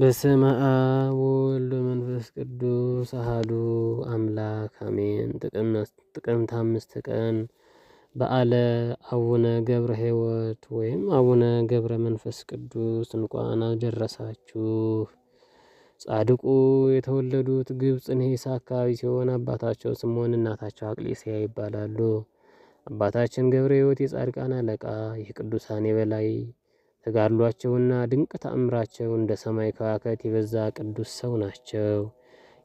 በስመ አብ ወወልድ ወመንፈስ ቅዱስ አሃዱ አምላክ አሜን። ጥቅምት አምስት ቀን በዓለ አቡነ ገብረ ሕይወት ወይም አቡነ ገብረ መንፈስ ቅዱስ እንኳን አደረሳችሁ። ጻድቁ የተወለዱት ግብፅ ንሂሳ አካባቢ ሲሆን አባታቸው ስምዖን እናታቸው አቅሌስያ ይባላሉ። አባታችን ገብረ ሕይወት የጻድቃን አለቃ የቅዱሳን የበላይ ተጋድሏቸውና ድንቅ ተአምራቸው እንደ ሰማይ ከዋከት የበዛ ቅዱስ ሰው ናቸው።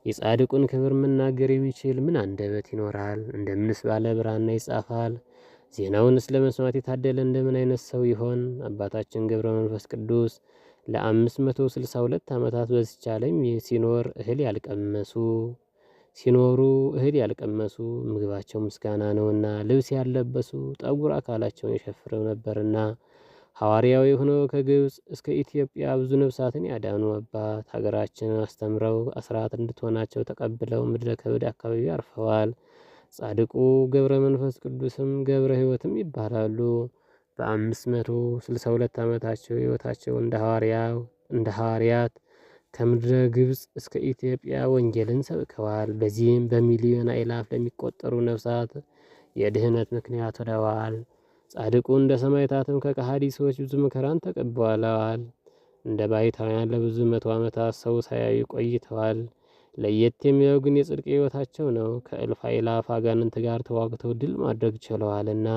የጻድቁን ክብር መናገር የሚችል ምን አንደበት ይኖራል? እንደምንስ ባለ ብራና ይጻፋል? ዜናውን ስለ መስማት የታደለ እንደምን አይነት ሰው ይሆን? አባታችን ገብረ መንፈስ ቅዱስ ለ562 ዓመታት በዚች ዓለም ሲኖር እህል ያልቀመሱ ሲኖሩ እህል ያልቀመሱ ምግባቸው ምስጋና ነውና ልብስ ያልለበሱ ጠጉር አካላቸውን የሸፍረው ነበርና ሐዋርያው የሆነው ከግብፅ እስከ ኢትዮጵያ ብዙ ነፍሳትን ያዳኑ አባት ሀገራችን አስተምረው አስራት እንድትሆናቸው ተቀብለው ምድረ ከብድ አካባቢ አርፈዋል። ጻድቁ ገብረ መንፈስ ቅዱስም ገብረ ሕይወትም ይባላሉ። በአምስት መቶ ስልሳ ሁለት ዓመታቸው ህይወታቸው እንደ ሐዋርያት ከምድረ ግብፅ እስከ ኢትዮጵያ ወንጌልን ሰብከዋል። በዚህም በሚሊዮን አእላፍ ለሚቆጠሩ ነፍሳት የድህነት ምክንያት ሆነዋል። ጻድቁ እንደ ሰማዕታትም ከከሃዲ ሰዎች ብዙ መከራን ተቀብለዋል። እንደ ባይታውያን ለብዙ መቶ ዓመታት ሰው ሳያዩ ቆይተዋል። ለየት የሚለው ግን የጽድቅ ሕይወታቸው ነው። ከእልፍ አእላፍ አጋንንት ጋር ተዋግተው ድል ማድረግ ችለዋልና።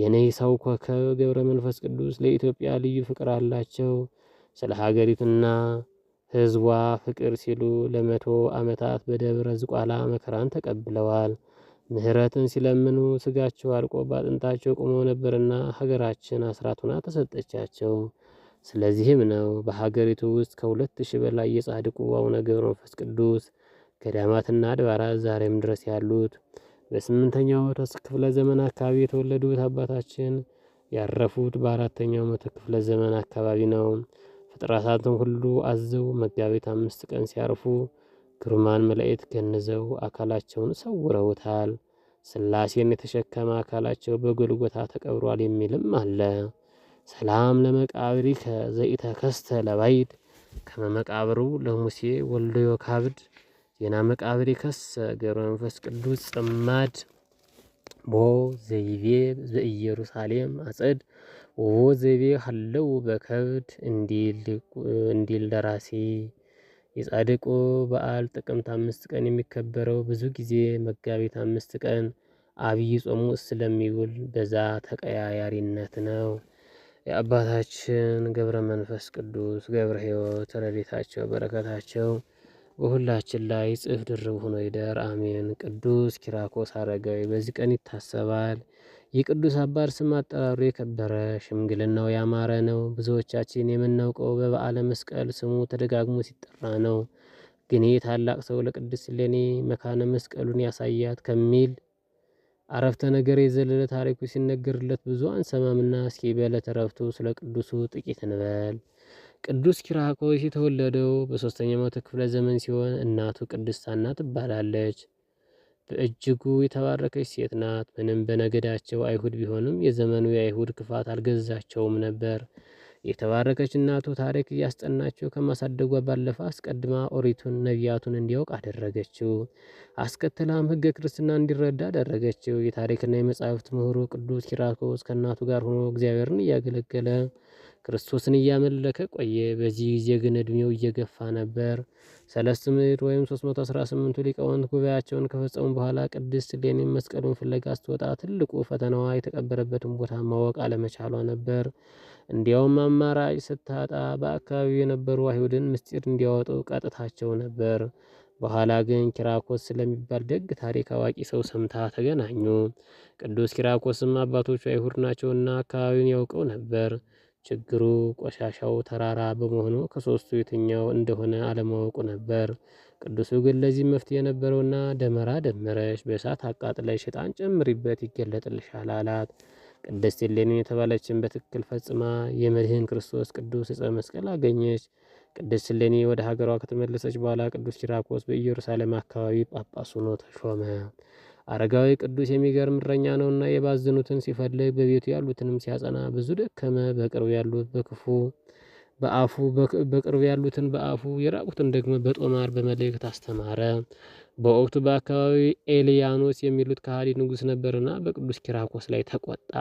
የኔ ሰው ኮከብ ገብረ መንፈስ ቅዱስ ለኢትዮጵያ ልዩ ፍቅር አላቸው። ስለ ሀገሪቱና ሕዝቧ ፍቅር ሲሉ ለመቶ ዓመታት በደብረ ዝቋላ መከራን ተቀብለዋል። ምሕረትን ሲለምኑ ስጋቸው አልቆ በአጥንታቸው ቆመው ነበርና ሀገራችን አስራቱና ተሰጠቻቸው። ስለዚህም ነው በሀገሪቱ ውስጥ ከሁለት ሺህ በላይ የጻድቁ አቡነ ገብረ መንፈስ ቅዱስ ገዳማትና አድባራት ዛሬም ድረስ ያሉት። በስምንተኛው ክፍለ ዘመን አካባቢ የተወለዱት አባታችን ያረፉት በአራተኛው መቶ ክፍለ ዘመን አካባቢ ነው። ፍጥረታትን ሁሉ አዘው መጋቢት አምስት ቀን ሲያርፉ ግሩማን መላእክት ገንዘው አካላቸውን ሰውረውታል። ስላሴን የተሸከመ አካላቸው በጎልጎታ ተቀብሯል የሚልም አለ። ሰላም ለመቃብሪከ ከስተ ለባይድ ከመመቃብሩ ለሙሴ ወልዶ ዮካብድ ዜና መቃብሪ ከስ ገብረ መንፈስ ቅዱስ ጽማድ ቦ ዘይቤ ዘኢየሩሳሌም አጸድ ወቦ ዘይቤ ሀለው በከብድ እንዲል ደራሲ የጻድቁ በዓል ጥቅምት አምስት ቀን የሚከበረው ብዙ ጊዜ መጋቢት አምስት ቀን አብይ ጾሙ ስለሚውል በዛ ተቀያያሪነት ነው። የአባታችን ገብረ መንፈስ ቅዱስ ገብረ ሕይወት ረድኤታቸው በረከታቸው በሁላችን ላይ ጽፍ ድርብ ሆኖ ይደር አሜን። ቅዱስ ኪራኮስ አረጋዊ በዚህ ቀን ይታሰባል። የቅዱስ አባት ስም አጠራሩ የከበረ ሽምግልናው ያማረ ነው። ብዙዎቻችን የምናውቀው በበዓለ መስቀል ስሙ ተደጋግሞ ሲጠራ ነው። ግን ይህ ታላቅ ሰው ለቅድስት እሌኒ መካነ መስቀሉን ያሳያት ከሚል አረፍተ ነገር የዘለለ ታሪኩ ሲነገርለት ብዙ አንሰማምና፣ እስኪ በዕለተ ዕረፍቱ ስለ ቅዱሱ ጥቂት እንበል። ቅዱስ ኪራኮስ የተወለደው በሶስተኛ መቶ ክፍለ ዘመን ሲሆን እናቱ ቅድስት ሐና ትባላለች። በእጅጉ የተባረከች ሴት ናት። ምንም በነገዳቸው አይሁድ ቢሆንም የዘመኑ የአይሁድ ክፋት አልገዛቸውም ነበር። የተባረከች እናቱ ታሪክ እያስጠናቸው ከማሳደጓ ባለፈ አስቀድማ ኦሪቱን ነቢያቱን እንዲያውቅ አደረገችው። አስከትላም ሕገ ክርስትና እንዲረዳ አደረገችው። የታሪክና የመጻሕፍት ምሁሩ ቅዱስ ኪራኮስ ከእናቱ ጋር ሆኖ እግዚአብሔርን እያገለገለ ክርስቶስን እያመለከ ቆየ። በዚህ ጊዜ ግን እድሜው እየገፋ ነበር። ሰለስት ምዕት ወይም 318ቱ ሊቃውንት ጉባኤያቸውን ከፈጸሙ በኋላ ቅድስት እሌኒ መስቀሉን ፍለጋ ስትወጣ ትልቁ ፈተናዋ የተቀበረበትን ቦታ ማወቅ አለመቻሏ ነበር። እንዲያውም አማራጭ ስታጣ በአካባቢው የነበሩ አይሁድን ምስጢር እንዲያወጡ ቀጥታቸው ነበር። በኋላ ግን ኪራኮስ ስለሚባል ደግ ታሪክ አዋቂ ሰው ሰምታ ተገናኙ። ቅዱስ ኪራኮስም አባቶቹ አይሁድ ናቸውና አካባቢውን ያውቀው ነበር። ችግሩ ቆሻሻው ተራራ በመሆኑ ከሶስቱ የትኛው እንደሆነ አለማወቁ ነበር። ቅዱሱ ግን ለዚህ መፍትሄ የነበረውና ደመራ ደመረሽ፣ በእሳት አቃጥለሽ ዕጣን ጨምሪበት ይገለጥልሻል አላት። ቅድስት እሌኒ የተባለችን በትክክል ፈጽማ የመድህን ክርስቶስ ቅዱስ ዕፀ መስቀል አገኘች። ቅድስት እሌኒ ወደ ሀገሯ ከተመለሰች በኋላ ቅዱስ ኪራኮስ በኢየሩሳሌም አካባቢ ጳጳስ ሆኖ ተሾመ። አረጋዊ ቅዱስ የሚገርም እረኛ ነውና የባዘኑትን ሲፈልግ በቤቱ ያሉትንም ሲያጸና ብዙ ደከመ። በቅርብ ያሉት በክፉ በአፉ በቅርብ ያሉትን በአፉ የራቁትን ደግሞ በጦማር በመልእክት አስተማረ። በወቅቱ በአካባቢ ኤልያኖስ የሚሉት ከሃዲ ንጉሥ ነበርና በቅዱስ ኪራኮስ ላይ ተቆጣ።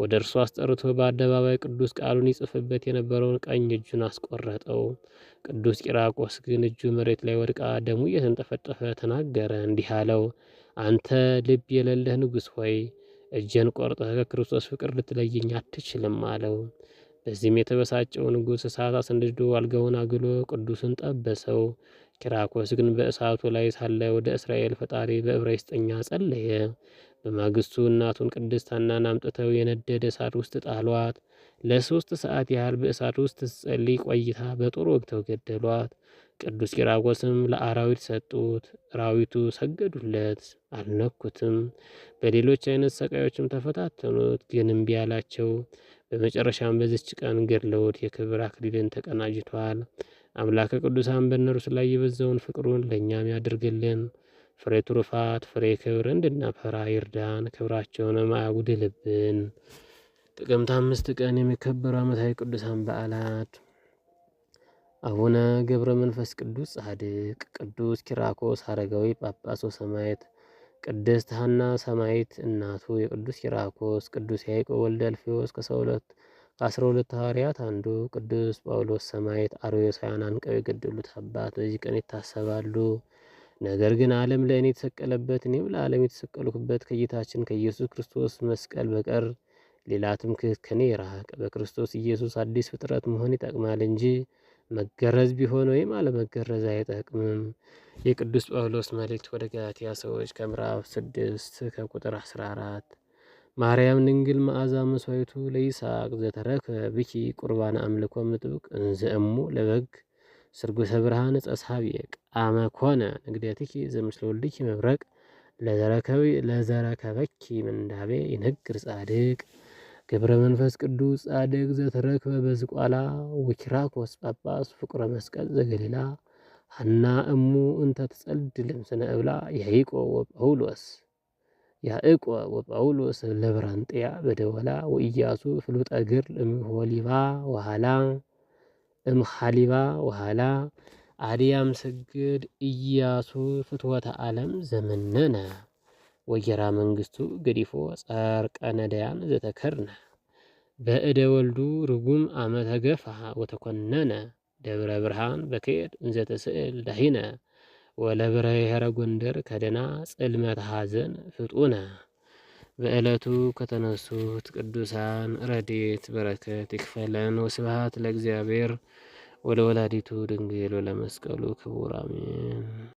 ወደ እርሱ አስጠርቶ በአደባባይ ቅዱስ ቃሉን ይጽፍበት የነበረውን ቀኝ እጁን አስቆረጠው። ቅዱስ ቂራቆስ ግን እጁ መሬት ላይ ወድቃ ደሙ እየተንጠፈጠፈ ተናገረ፣ እንዲህ አለው አንተ ልብ የሌለህ ንጉሥ ሆይ እጀን ቆርጠህ ከክርስቶስ ፍቅር ልትለይኝ አትችልም አለው። በዚህም የተበሳጨው ንጉሥ እሳት አስነድዶ አልጋውን አግሎ ቅዱስን ጠበሰው። ኪራኮስ ግን በእሳቱ ላይ ሳለ ወደ እስራኤል ፈጣሪ በዕብራይስጥኛ ጸለየ። በማግስቱ እናቱን ቅድስት ሐናን አምጥተው የነደደ እሳት ውስጥ ጣሏት። ለሶስት ሰዓት ያህል በእሳት ውስጥ ስትጸልይ ቆይታ በጦር ወግተው ገደሏት። ቅዱስ ቂራቆስም ለአራዊት ሰጡት፣ አራዊቱ ሰገዱለት፣ አልነኩትም። በሌሎች አይነት ሰቃዮችም ተፈታተኑት፣ ግን እምቢ አላቸው። በመጨረሻም በዚች ቀን ገድለውት የክብር አክሊልን ተቀናጅቷል። አምላከ ቅዱሳን በእነርሱ ላይ የበዛውን ፍቅሩን ለእኛም ያድርግልን። ፍሬ ትሩፋት፣ ፍሬ ክብር እንድናፈራ ይርዳን። ክብራቸውንም አያጉድልብን። ጥቅምት አምስት ቀን የሚከበሩ ዓመታዊ ቅዱሳን በዓላት አቡነ ገብረ መንፈስ ቅዱስ ጻድቅ፣ ቅዱስ ኪራኮስ አረጋዊ ጳጳሶ ሰማዕት፣ ቅድስት ሐና ሰማዕት እናቱ የቅዱስ ኪራኮስ፣ ቅዱስ ያዕቆብ ወልደ አልፌዎስ ከአስራ ሁለት ሐዋርያት አንዱ፣ ቅዱስ ጳውሎስ ሰማዕት። አርዮሳውያን አንቀው የገደሉት አባት በዚህ ቀን ይታሰባሉ። ነገር ግን ዓለም ለእኔ የተሰቀለበት እኔም ለዓለም የተሰቀልኩበት ከጌታችን ከኢየሱስ ክርስቶስ መስቀል በቀር ሌላ ትምክህት ከኔ ራቅ። በክርስቶስ ኢየሱስ አዲስ ፍጥረት መሆን ይጠቅማል እንጂ መገረዝ ቢሆን ወይም አለመገረዝ አይጠቅምም። የቅዱስ ጳውሎስ መልእክት ወደ ገላትያ ሰዎች ከምዕራፍ ስድስት ከቁጥር አስራ አራት ማርያም ድንግል መዓዛ መስዋዕቱ ለይስሐቅ ዘተረከ ብኪ ቁርባን አምልኮ ምጥብቅ እንዘእሙ ለበግ ስርጉሰ ብርሃን ጸሳብየ ቃመ ኮነ ንግደትኪ ዘምስለ ወልድኪ መብረቅ ለዘረከበኪ ምንዳቤ ይነግር ጻድቅ ገብረ መንፈስ ቅዱስ ጻድቅ ዘተረክበ በዝቋላ ወኪራኮስ ጳጳስ ፍቁረ መስቀል ዘገሊላ ሐና እሙ እንተ ትጸልድ ልምስነ እብላ ያዕቆ ወጳውሎስ ያዕቆ ወጳውሎስ ለብራንጥያ በደወላ ወኢያሱ ፍሉጠ እግር እምሆሊባ ወሃላ እምሃሊባ ወሃላ አድያም ስግድ ኢያሱ ፍትወተ ዓለም ዘመነነ ወጌራ መንግስቱ ገዲፎ ጸርቀነዳያን ዘተከርነ በእደ ወልዱ ርጉም አመተ ገፋ ወተኮነነ ደብረ ብርሃን በከየድ እንዘተስዕል ዳሂነ ወለብረ የኸረ ጎንደር ከደና ጽልመት ሐዘን ፍጡነ። በዕለቱ ከተነሱት ቅዱሳን ረዴት በረከት ይክፈለን። ወስብሐት ለእግዚአብሔር ወለወላዲቱ ድንግል ወለመስቀሉ ክቡር አሜን።